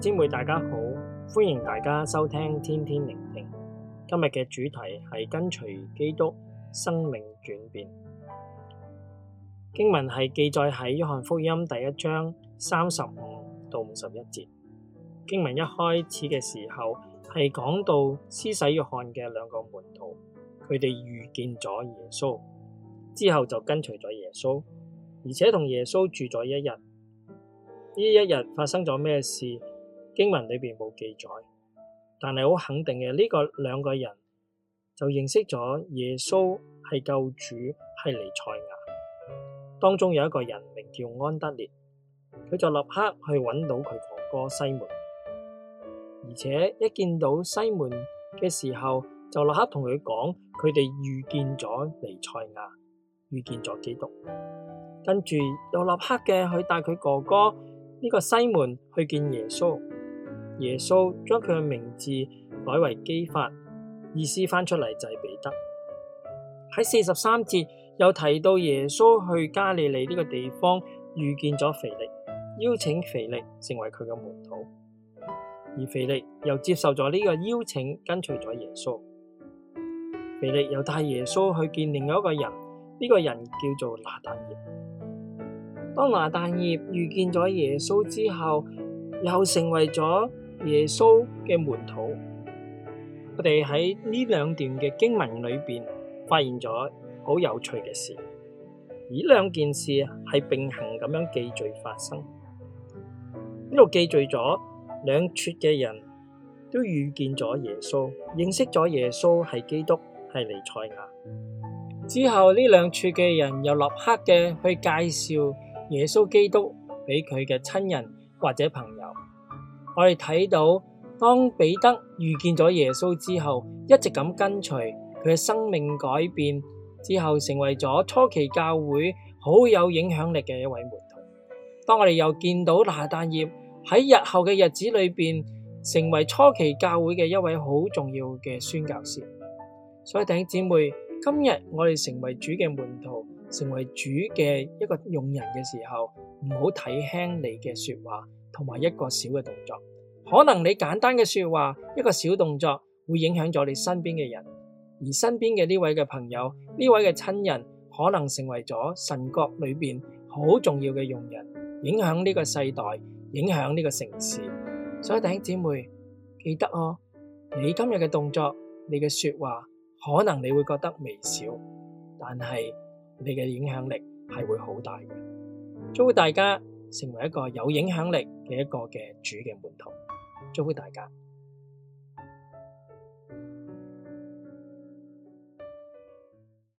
姐妹大家好，歡迎大家收聽天天靈聽。今日嘅主題係跟隨基督生命轉變。經文係記載喺約翰福音第一章三十五到五十一節。經文一開始嘅時候係講到施洗約翰嘅兩個門徒，佢哋遇見咗耶穌，之後就跟隨咗耶穌，而且同耶穌住咗一日。呢一日發生咗咩事？經文裏邊冇記載，但係好肯定嘅呢個兩個人就認識咗耶穌係救主係彌賽亞，當中有一個人名叫安德烈，佢就立刻去揾到佢哥哥西門，而且一見到西門嘅時候就立刻同佢講佢哋遇見咗彌賽亞，遇見咗基督，跟住又立刻嘅去帶佢哥哥呢個西門去見耶穌。耶穌將佢嘅名字改為磯法，意思翻出嚟就係彼得。喺四十三節又提到耶穌去加利利呢個地方，遇見咗腓力，邀請腓力成為佢嘅門徒，而腓力又接受咗呢個邀請，跟隨咗耶穌。腓力又帶耶穌去見另外一個人，呢個人叫做拿但業。當拿但業遇見咗耶穌之後，又成為咗耶穌嘅門徒，我哋喺呢兩段嘅經文裏邊發現咗好有趣嘅事。而兩件事係並行咁樣記敘發生。呢度記敘咗兩撮嘅人都遇見咗耶穌，認識咗耶穌係基督，係彌賽亞。之後呢兩撮嘅人又立刻嘅去介紹耶穌基督俾佢嘅親人或者朋友。我哋睇到，當彼得遇見咗耶穌之後，一直咁跟隨佢嘅生命改變之後，成為咗初期教會好有影響力嘅一位門徒。當我哋又見到拿但業喺日後嘅日子裏邊，成為初期教會嘅一位好重要嘅宣教士。所以弟兄姊妹，今日我哋成為主嘅門徒，成為主嘅一個用人嘅時候，唔好睇輕你嘅說話。同埋一個小嘅動作，可能你簡單嘅說話，一個小動作會影響咗你身邊嘅人，而身邊嘅呢位嘅朋友，呢位嘅親人，可能成為咗神國裏邊好重要嘅用人，影響呢個世代，影響呢個城市。所以弟兄姊妹記得哦，你今日嘅動作，你嘅說話，可能你會覺得微小，但係你嘅影響力係會好大嘅。祝大家！成為一個有影響力嘅一個嘅主嘅門徒，祝福大家。